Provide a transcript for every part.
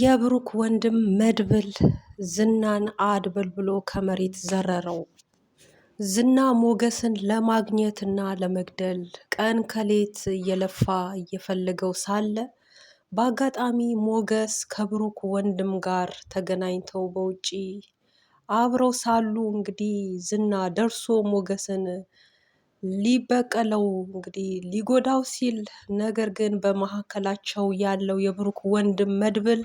የብሩክ ወንድም መድብል ዝናን አድብል ብሎ ከመሬት ዘረረው። ዝና ሞገስን ለማግኘትና ለመግደል ቀን ከሌት እየለፋ እየፈለገው ሳለ በአጋጣሚ ሞገስ ከብሩክ ወንድም ጋር ተገናኝተው በውጪ አብረው ሳሉ እንግዲህ ዝና ደርሶ ሞገስን ሊበቀለው እንግዲህ ሊጎዳው ሲል ነገር ግን በመካከላቸው ያለው የብሩክ ወንድም መድብል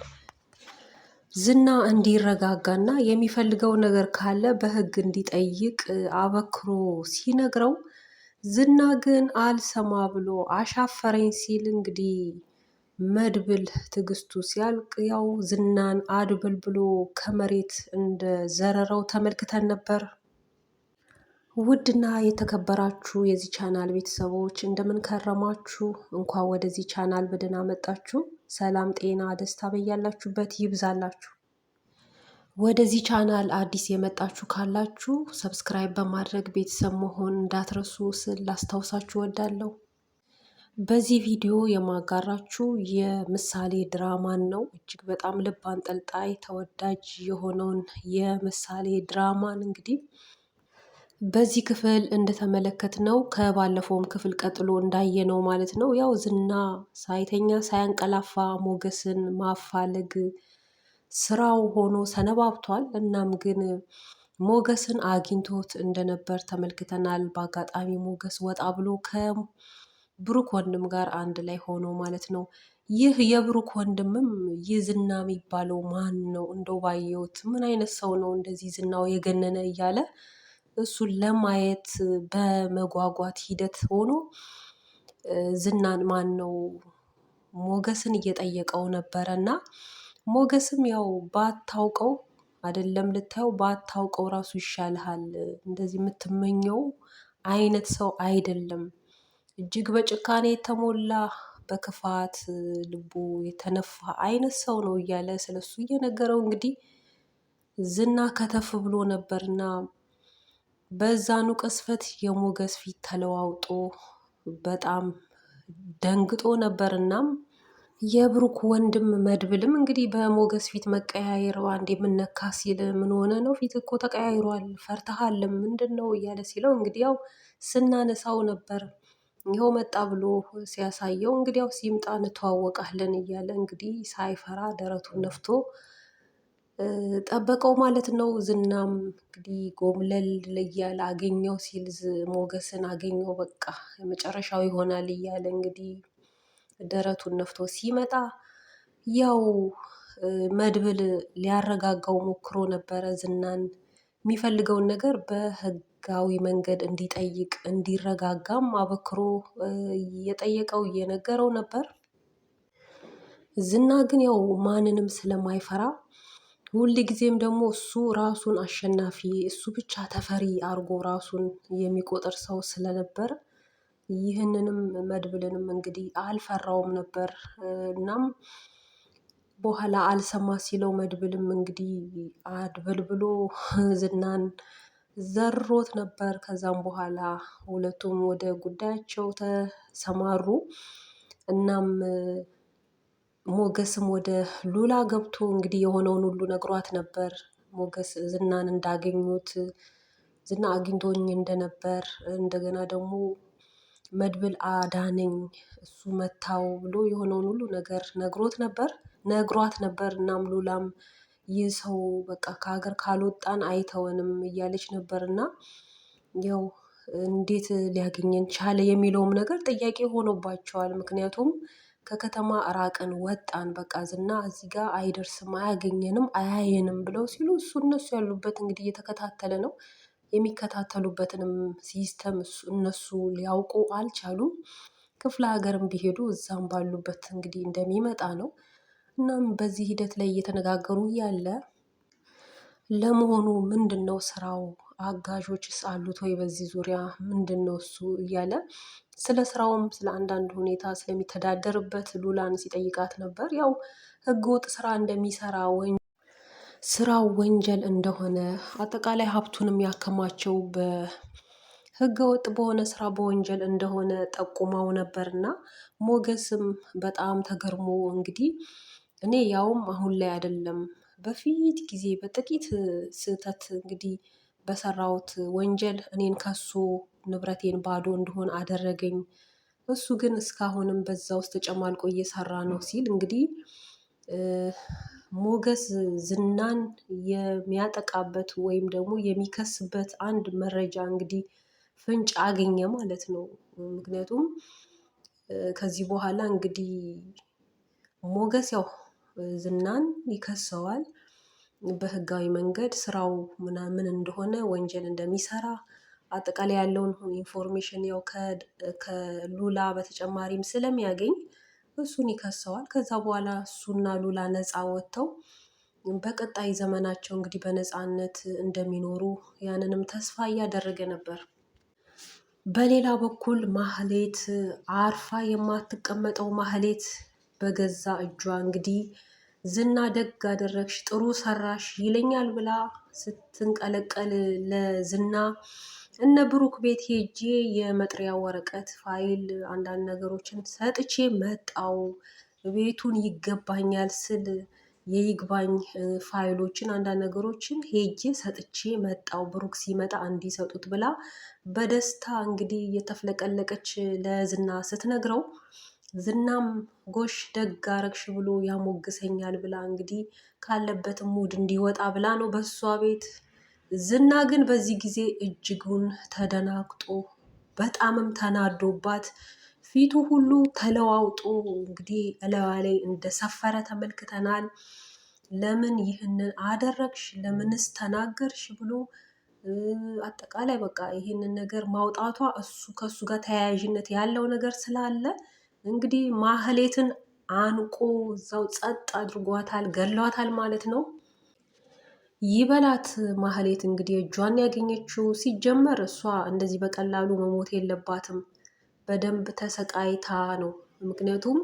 ዝና እንዲረጋጋና የሚፈልገው ነገር ካለ በሕግ እንዲጠይቅ አበክሮ ሲነግረው ዝና ግን አልሰማ ብሎ አሻፈረኝ ሲል እንግዲህ መድብል ትዕግስቱ ሲያልቅ ያው ዝናን አድብል ብሎ ከመሬት እንደ ዘረረው ተመልክተን ነበር። ውድና የተከበራችሁ የዚህ ቻናል ቤተሰቦች እንደምንከረማችሁ፣ እንኳን ወደዚህ ቻናል በደህና መጣችሁ። ሰላም ጤና፣ ደስታ በያላችሁበት ይብዛላችሁ። ወደዚህ ቻናል አዲስ የመጣችሁ ካላችሁ ሰብስክራይብ በማድረግ ቤተሰብ መሆን እንዳትረሱ ስል ላስታውሳችሁ ወዳለሁ። በዚህ ቪዲዮ የማጋራችሁ የምሳሌ ድራማን ነው። እጅግ በጣም ልብ አንጠልጣይ ተወዳጅ የሆነውን የምሳሌ ድራማን እንግዲህ በዚህ ክፍል እንደተመለከትነው ከባለፈውም ክፍል ቀጥሎ እንዳየነው ማለት ነው። ያው ዝና ሳይተኛ ሳያንቀላፋ ሞገስን ማፋለግ ስራው ሆኖ ሰነባብቷል። እናም ግን ሞገስን አግኝቶት እንደነበር ተመልክተናል። በአጋጣሚ ሞገስ ወጣ ብሎ ከብሩክ ወንድም ጋር አንድ ላይ ሆኖ ማለት ነው። ይህ የብሩክ ወንድምም ይህ ዝና የሚባለው ማን ነው? እንደው ባየሁት ምን አይነት ሰው ነው እንደዚህ ዝናው የገነነ እያለ እሱን ለማየት በመጓጓት ሂደት ሆኖ ዝናን ነው ሞገስን እየጠየቀው ነበረ እና ሞገስም ያው ባታውቀው አይደለም ልታየው ባታውቀው ራሱ ይሻልሃል። እንደዚህ የምትመኘው አይነት ሰው አይደለም። እጅግ በጭካኔ የተሞላ በክፋት ልቡ የተነፋ አይነት ሰው ነው እያለ ስለሱ እየነገረው እንግዲህ ዝና ከተፍ ብሎ ነበርና በዛኑ ቅስፈት የሞገስ ፊት ተለዋውጦ በጣም ደንግጦ ነበር። እናም የብሩክ ወንድም መድብልም እንግዲህ በሞገስ ፊት መቀያየር አንድ የምነካ ሲል ምን ሆነ ነው ፊት እኮ ተቀያይሯል፣ ፈርተሃል ምንድን ነው እያለ ሲለው እንግዲህ ያው ስናነሳው ነበር ይኸው መጣ ብሎ ሲያሳየው እንግዲህ ያው ሲምጣ እንተዋወቃለን እያለ እንግዲህ ሳይፈራ ደረቱን ነፍቶ ጠበቀው ማለት ነው። ዝናም እንግዲህ ጎምለል እያለ አገኘው ሲል ሞገስን አገኘው በቃ መጨረሻው ይሆናል እያለ እንግዲህ ደረቱን ነፍቶ ሲመጣ ያው መድብል ሊያረጋጋው ሞክሮ ነበረ። ዝናን የሚፈልገውን ነገር በህጋዊ መንገድ እንዲጠይቅ እንዲረጋጋም አበክሮ እየጠየቀው እየነገረው ነበር። ዝና ግን ያው ማንንም ስለማይፈራ ሁል ጊዜም ደግሞ እሱ ራሱን አሸናፊ እሱ ብቻ ተፈሪ አርጎ ራሱን የሚቆጥር ሰው ስለነበር ይህንንም መድብልንም እንግዲህ አልፈራውም ነበር። እናም በኋላ አልሰማ ሲለው መድብልም እንግዲህ አድብልብሎ ዝናን ዘሮት ነበር። ከዛም በኋላ ሁለቱም ወደ ጉዳያቸው ተሰማሩ። እናም ሞገስም ወደ ሉላ ገብቶ እንግዲህ የሆነውን ሁሉ ነግሯት ነበር። ሞገስ ዝናን እንዳገኙት ዝና አግኝቶኝ እንደነበር እንደገና ደግሞ መድብል አዳነኝ እሱ መታው ብሎ የሆነውን ሁሉ ነገር ነግሮት ነበር ነግሯት ነበር። እናም ሉላም ይህ ሰው በቃ ከሀገር ካልወጣን አይተወንም እያለች ነበር እና ያው እንዴት ሊያገኘን ቻለ የሚለውም ነገር ጥያቄ ሆኖባቸዋል። ምክንያቱም ከከተማ ራቅን ወጣን በቃ ዝና እዚህ ጋር አይደርስም አያገኘንም አያየንም ብለው ሲሉ እሱ እነሱ ያሉበት እንግዲህ እየተከታተለ ነው። የሚከታተሉበትንም ሲስተም እነሱ ሊያውቁ አልቻሉም። ክፍለ ሀገርም ቢሄዱ እዛም ባሉበት እንግዲህ እንደሚመጣ ነው። እናም በዚህ ሂደት ላይ እየተነጋገሩ ያለ ለመሆኑ ምንድን ነው ስራው አጋዦችስ አሉት ወይ? በዚህ ዙሪያ ምንድን ነው እሱ እያለ ስለ ስራውም ስለ አንዳንድ ሁኔታ ስለሚተዳደርበት ሉላን ሲጠይቃት ነበር። ያው ህገወጥ ስራ እንደሚሰራ ወይ ስራው ወንጀል እንደሆነ አጠቃላይ ሀብቱንም ያከማቸው ወጥ በሆነ ስራ በወንጀል እንደሆነ ጠቁመው ነበር እና ሞገስም በጣም ተገርሞ እንግዲህ እኔ ያውም አሁን ላይ አይደለም በፊት ጊዜ በጥቂት ስህተት እንግዲህ በሰራሁት ወንጀል እኔን ከሶ ንብረቴን ባዶ እንድሆን አደረገኝ። እሱ ግን እስካሁንም በዛ ውስጥ ተጨማልቆ እየሰራ ነው ሲል እንግዲህ ሞገስ ዝናን የሚያጠቃበት ወይም ደግሞ የሚከስበት አንድ መረጃ እንግዲህ ፍንጭ አገኘ ማለት ነው። ምክንያቱም ከዚህ በኋላ እንግዲህ ሞገስ ያው ዝናን ይከሰዋል። በህጋዊ መንገድ ስራው ምን እንደሆነ ወንጀል እንደሚሰራ አጠቃላይ ያለውን ኢንፎርሜሽን ያው ከሉላ በተጨማሪም ስለሚያገኝ እሱን ይከሰዋል። ከዛ በኋላ እሱና ሉላ ነፃ ወጥተው በቀጣይ ዘመናቸው እንግዲህ በነፃነት እንደሚኖሩ ያንንም ተስፋ እያደረገ ነበር። በሌላ በኩል ማህሌት አርፋ የማትቀመጠው ማህሌት በገዛ እጇ እንግዲህ ዝና ደግ አደረግሽ ጥሩ ሰራሽ ይለኛል ብላ ስትንቀለቀል ለዝና እነ ብሩክ ቤት ሄጄ የመጥሪያ ወረቀት ፋይል አንዳንድ ነገሮችን ሰጥቼ መጣው ቤቱን ይገባኛል ስል የይግባኝ ፋይሎችን አንዳንድ ነገሮችን ሄጄ ሰጥቼ መጣው ብሩክ ሲመጣ እንዲሰጡት ብላ በደስታ እንግዲህ እየተፍለቀለቀች ለዝና ስትነግረው ዝናም ጎሽ ደግ አረግሽ ብሎ ያሞግሰኛል ብላ እንግዲህ ካለበት ሙድ እንዲወጣ ብላ ነው በእሷ ቤት። ዝና ግን በዚህ ጊዜ እጅጉን ተደናግጦ በጣምም ተናዶባት ፊቱ ሁሉ ተለዋውጦ እንግዲህ እለዋ ላይ እንደሰፈረ ተመልክተናል። ለምን ይህንን አደረግሽ? ለምንስ ተናገርሽ? ብሎ አጠቃላይ በቃ ይህንን ነገር ማውጣቷ እሱ ከእሱ ጋር ተያያዥነት ያለው ነገር ስላለ እንግዲህ ማህሌትን አንቆ እዛው ጸጥ አድርጓታል፣ ገሏታል ማለት ነው። ይበላት ማህሌት እንግዲህ እጇን ያገኘችው። ሲጀመር እሷ እንደዚህ በቀላሉ መሞት የለባትም በደንብ ተሰቃይታ ነው። ምክንያቱም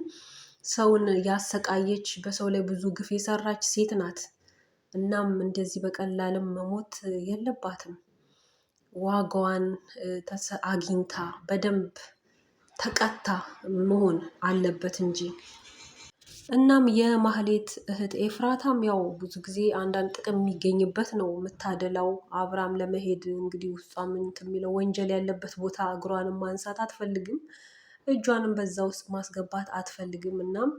ሰውን ያሰቃየች በሰው ላይ ብዙ ግፍ የሰራች ሴት ናት። እናም እንደዚህ በቀላልም መሞት የለባትም። ዋጋዋን አግኝታ በደንብ ተቀታ መሆን አለበት እንጂ። እናም የማህሌት እህት ኤፍራታም ያው ብዙ ጊዜ አንዳንድ ጥቅም የሚገኝበት ነው የምታደላው። አብራም ለመሄድ እንግዲህ ውስጧ የሚለው ወንጀል ያለበት ቦታ እግሯንም ማንሳት አትፈልግም፣ እጇንም በዛ ውስጥ ማስገባት አትፈልግም። እናም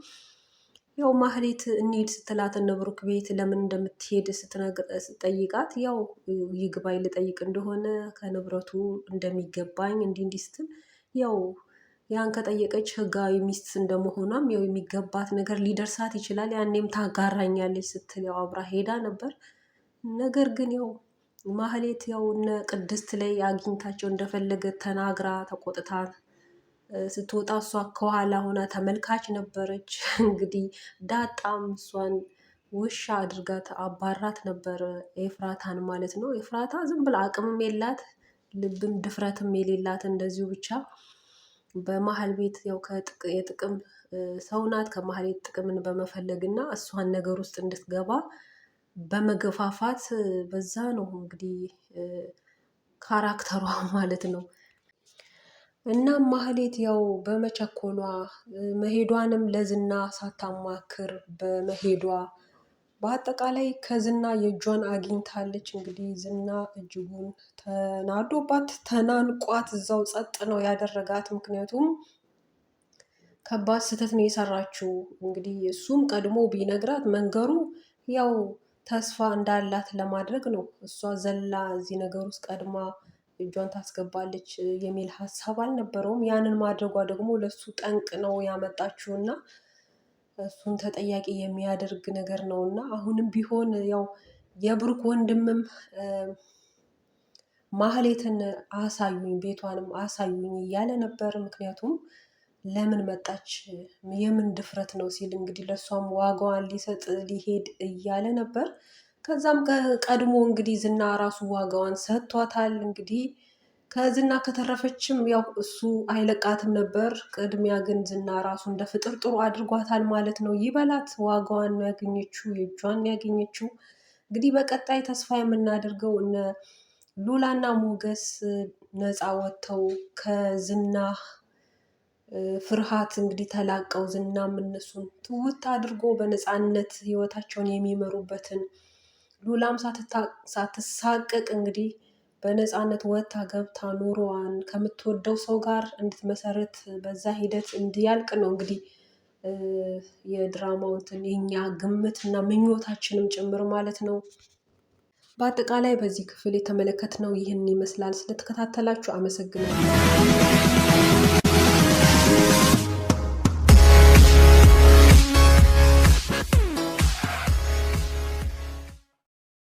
ያው ማህሌት እንሂድ ስትላት ነብሩክ ቤት ለምን እንደምትሄድ ስትጠይቃት ያው ይግባኝ ልጠይቅ እንደሆነ ከንብረቱ እንደሚገባኝ እንዲህ እንዲህ ስትል ያው ያን ከጠየቀች ህጋዊ ሚስት እንደመሆኗም ያው የሚገባት ነገር ሊደርሳት ይችላል። ያኔም ታጋራኛለች ስትል ያው አብራ ሄዳ ነበር። ነገር ግን ያው ማህሌት ያው እነ ቅድስት ላይ አግኝታቸው እንደፈለገ ተናግራ ተቆጥታ ስትወጣ እሷ ከኋላ ሆና ተመልካች ነበረች። እንግዲህ ዳጣም እሷን ውሻ አድርጋት አባራት ነበር፣ ኤፍራታን ማለት ነው። ኤፍራታ ዝም ብላ አቅምም የላት ልብም ድፍረትም የሌላት እንደዚሁ ብቻ በመሀል ቤት ያው የጥቅም ሰው ናት። ከመሀል ቤት ጥቅምን በመፈለግ እና እሷን ነገር ውስጥ እንድትገባ በመገፋፋት በዛ ነው እንግዲህ ካራክተሯ ማለት ነው። እናም ማህሌት ያው በመቸኮሏ መሄዷንም ለዝና ሳታማክር በመሄዷ በአጠቃላይ ከዝና የእጇን አግኝታለች። እንግዲህ ዝና እጅጉን ተናዶባት ተናንቋት እዛው ጸጥ ነው ያደረጋት። ምክንያቱም ከባድ ስህተት ነው የሰራችው። እንግዲህ እሱም ቀድሞ ቢነግራት መንገሩ ያው ተስፋ እንዳላት ለማድረግ ነው። እሷ ዘላ እዚህ ነገር ውስጥ ቀድማ እጇን ታስገባለች የሚል ሀሳብ አልነበረውም። ያንን ማድረጓ ደግሞ ለሱ ጠንቅ ነው ያመጣችው እና እሱን ተጠያቂ የሚያደርግ ነገር ነው እና አሁንም ቢሆን ያው የብሩክ ወንድምም ማህሌትን አሳዩኝ፣ ቤቷንም አሳዩኝ እያለ ነበር። ምክንያቱም ለምን መጣች፣ የምን ድፍረት ነው ሲል እንግዲህ ለእሷም ዋጋዋን ሊሰጥ ሊሄድ እያለ ነበር። ከዛም ቀድሞ እንግዲህ ዝና ራሱ ዋጋዋን ሰጥቷታል እንግዲህ ከዝና ከተረፈችም ያው እሱ አይለቃትም ነበር። ቅድሚያ ግን ዝና ራሱ እንደ ፍጥር ጥሩ አድርጓታል ማለት ነው። ይበላት፣ ዋጋዋን ነው ያገኘችው፣ የእጇን ያገኘችው። እንግዲህ በቀጣይ ተስፋ የምናደርገው እነ ሉላና ሞገስ ነፃ ወጥተው ከዝና ፍርሃት እንግዲህ ተላቀው ዝናም እነሱን ትውት አድርጎ በነፃነት ህይወታቸውን የሚመሩበትን ሉላም ሳትሳቀቅ እንግዲህ በነፃነት ወጥታ ገብታ ኑሮዋን ከምትወደው ሰው ጋር እንድትመሰረት በዛ ሂደት እንዲያልቅ ነው እንግዲህ የድራማው እንትን የኛ ግምት እና ምኞታችንም ጭምር ማለት ነው። በአጠቃላይ በዚህ ክፍል የተመለከትነው ይህን ይመስላል። ስለተከታተላችሁ አመሰግናለሁ።